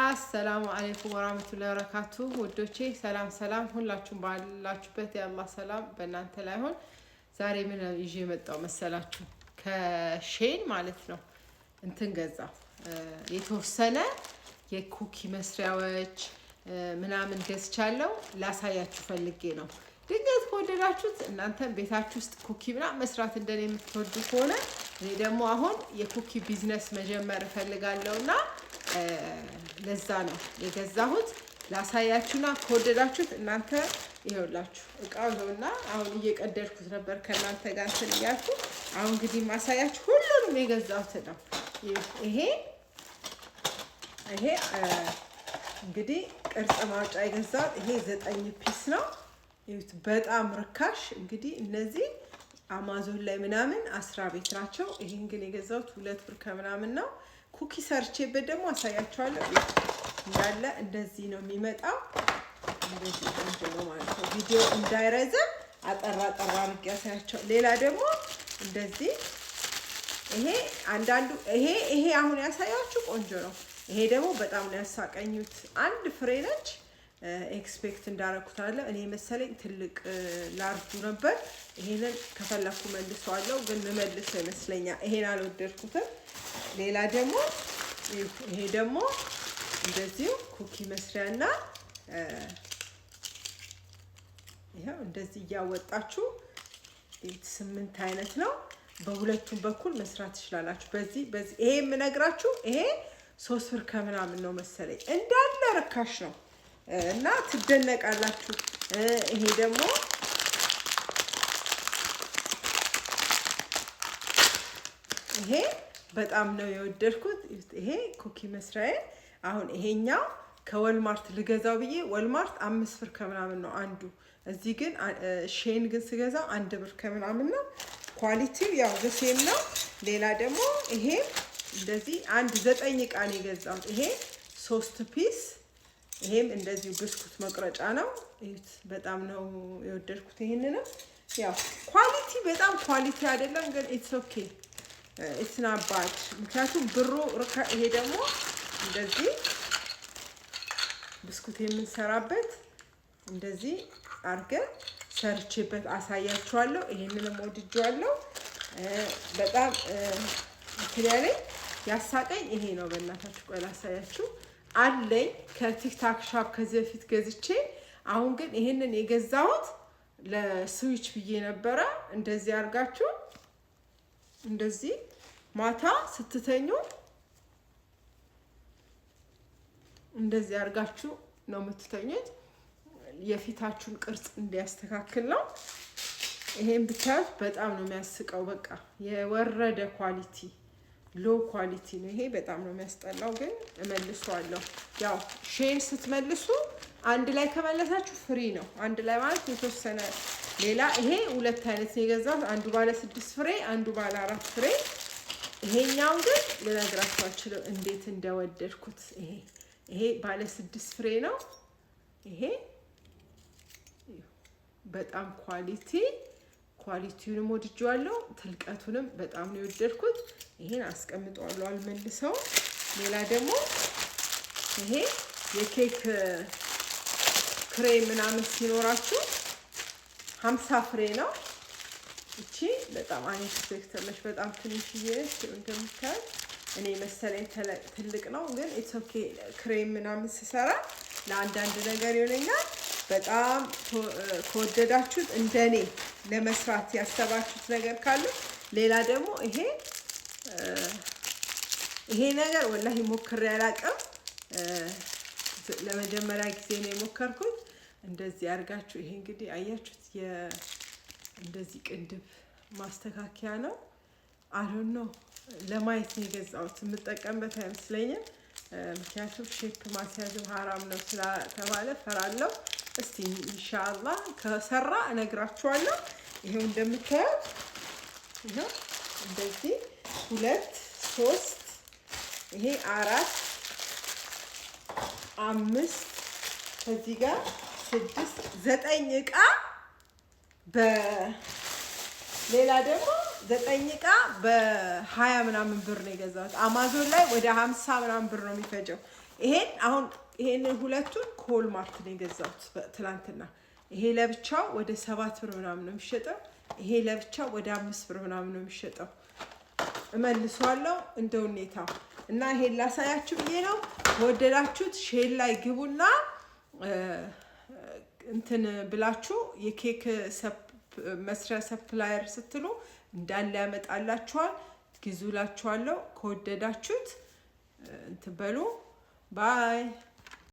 አሰላሙ አሌይኩም ወራህመቱላሂ ወበረካቱ ውዶቼ፣ ሰላም ሰላም፣ ሁላችሁም ባላችሁበት የአላህ ሰላም በእናንተ ላይ ሆን። ዛሬ ምን ይዤ የመጣው መሰላችሁ? ከሼን ማለት ነው እንትን ገዛ የተወሰነ የኩኪ መስሪያዎች ምናምን ገዝቻለሁ። ላሳያችሁ ፈልጌ ነው። ድንገት ከወደዳችሁት እናንተ ቤታችሁ ውስጥ ኩኪ ምናምን መስራት እንደኔ የምትወዱ ከሆነ እኔ ደግሞ አሁን የኩኪ ቢዝነስ መጀመር እፈልጋለሁና ለዛ ነው የገዛሁት። ላሳያችሁና ከወደዳችሁት እናንተ ይኸውላችሁ እቃው ነውና፣ አሁን እየቀደድኩት ነበር ከእናንተ ጋር እንትን እያልኩ አሁን እንግዲህ ማሳያችሁ ሁሉንም የገዛሁት ነው። ይሄ ይሄ እንግዲህ ቅርጽ ማውጫ የገዛሁት ይሄ ዘጠኝ ፒስ ነው። ይሁት በጣም ርካሽ እንግዲህ እነዚህ አማዞን ላይ ምናምን አስራ ቤት ናቸው። ይሄን ግን የገዛሁት ሁለት ብር ከምናምን ነው። ኩኪ ሰርቼበት ደግሞ አሳያቸዋለሁ። እንዳለ እንደዚህ ነው የሚመጣው። እንደዚህ ቆንጆ ነው ማለት ነው። ቪዲዮ እንዳይረዘም አጠራ ጠራ አድርጌ ያሳያቸው። ሌላ ደግሞ እንደዚህ ይሄ አንዳንዱ ይሄ ይሄ አሁን ያሳያችሁ ቆንጆ ነው። ይሄ ደግሞ በጣም ነው ያሳቀኙት። አንድ ፍሬ ነች። ኤክስፔክት እንዳረኩት አለ እኔ መሰለኝ ትልቅ ላርጁ ነበር። ይሄንን ከፈለኩ መልሰዋለሁ፣ ግን ምመልሰው ይመስለኛል። ይሄን አልወደድኩትም። ሌላ ደግሞ ይሄ ደግሞ እንደዚሁ ኩኪ መስሪያና ይኸው እንደዚህ እያወጣችሁ ስምንት አይነት ነው። በሁለቱም በኩል መስራት ትችላላችሁ። በዚህ በዚህ ይሄ የምነግራችሁ ይሄ ሶስት ብር ከምናምን ነው መሰለኝ እንዳለ ርካሽ ነው እና ትደነቃላችሁ። ይሄ ደግሞ ይሄ በጣም ነው የወደድኩት። ይሄ ኩኪ መስሪያዬ አሁን ይሄኛው ከወልማርት ልገዛው ብዬ ወልማርት አምስት ብር ከምናምን ነው አንዱ። እዚህ ግን ሼን ግን ስገዛው አንድ ብር ከምናምን ነው። ኳሊቲው ያው ዘሴም ነው። ሌላ ደግሞ ይሄ እንደዚህ አንድ ዘጠኝ ዕቃ ነው የገዛሁት። ይሄ ሶስት ፒስ ይሄም እንደዚሁ ብስኩት መቁረጫ ነው። በጣም ነው የወደድኩት። ይሄንንም ያው ኳሊቲ በጣም ኳሊቲ አይደለም ግን ኢትስ ኦኬ እስናባች ምክንያቱም ብሩ ይሄ ደግሞ እንደዚህ ብስኩት የምንሰራበት እንደዚህ አድርገን ሰርቼበት አሳያችኋለሁ። ይሄንንም ወድጄዋለሁ። በጣም ክሊያሌ ያሳቀኝ ይሄ ነው። በእናታችሁ ቆይ ላሳያችሁ። አለኝ ከቲክታክ ሻፕ ከዚህ በፊት ገዝቼ፣ አሁን ግን ይሄንን የገዛሁት ለስዊች ብዬ ነበረ። እንደዚህ አድርጋችሁ እንደዚህ ማታ ስትተኙ እንደዚህ አድርጋችሁ ነው የምትተኙት። የፊታችሁን ቅርጽ እንዲያስተካክል ነው። ይሄን ብታዩት በጣም ነው የሚያስቀው። በቃ የወረደ ኳሊቲ ሎ ኳሊቲ ነው። ይሄ በጣም ነው የሚያስጠላው፣ ግን እመልሰዋለሁ። ያው ሼን ስትመልሱ አንድ ላይ ከመለሳችሁ ፍሪ ነው። አንድ ላይ ማለት የተወሰነ ሌላ ይሄ ሁለት አይነት ነው የገዛሁት። አንዱ ባለ ስድስት ፍሬ፣ አንዱ ባለ አራት ፍሬ። ይሄኛው ግን ልነግራችሁ አልችልም እንዴት እንደወደድኩት። ይሄ ይሄ ባለ ስድስት ፍሬ ነው። ይሄ በጣም ኳሊቲ ኳሊቲውንም ወድጄዋለሁ። ትልቀቱንም በጣም ነው የወደድኩት። ይሄን አስቀምጠዋለሁ አልመልሰው። ሌላ ደግሞ ይሄ የኬክ ክሬም ምናምን ሲኖራችሁ ሀምሳ ፍሬ ነው። እቺ በጣም አሪፍ በጣም ትንሽዬ ነች እኔ መሰለኝ ትልቅ ነው ግን ኢትስ ኦኬ። ክሬም ምናምን ስሰራ ለአንዳንድ ነገር ይሆነኛል። በጣም ከወደዳችሁት እንደኔ ለመስራት ያሰባችሁት ነገር ካለ ሌላ ደግሞ ይሄ ይሄ ነገር ወላሂ ሞክሬ አላውቅም። ለመጀመሪያ ጊዜ ነው የሞከርኩኝ። እንደዚህ አድርጋችሁ ይሄ እንግዲህ አያችሁት፣ እንደዚህ ቅንድብ ማስተካከያ ነው። አሁን ነው ለማየት ነው የገዛሁት። የምጠቀምበት አይመስለኝም፣ ምክንያቱም ሼፕ ማስያዝ ሀራም ነው ስለተባለ ፈራለሁ። እስቲ ኢንሻአላ ከሰራ እነግራችኋለሁ። ይሄው እንደምታዩት ነው። እንደዚህ ሁለት ሶስት፣ ይሄ አራት አምስት ከዚህ ጋር ስድስት ዘጠኝ እቃ በሌላ ደግሞ ዘጠኝ እቃ በሀያ ምናምን ብር ነው የገዛሁት። አማዞን ላይ ወደ ሀምሳ ምናምን ብር ነው የሚፈጀው። ይሄን አሁን ይሄንን ሁለቱን ኮልማርት ነው የገዛሁት ትላንትና። ይሄ ለብቻው ወደ ሰባት ብር ምናምን ነው የሚሸጠው። ይሄ ለብቻው ወደ አምስት ብር ምናምን ነው የሚሸጠው። እመልሷለሁ እንደ ሁኔታው እና ይሄን ላሳያችሁ ብዬ ነው። ከወደዳችሁት ሼል ላይ ግቡና እንትን ብላችሁ የኬክ መስሪያ ሰፕላየር ስትሉ እንዳለ ያመጣላችኋል። ግዙላችኋለሁ። ከወደዳችሁት እንትን በሉ ባይ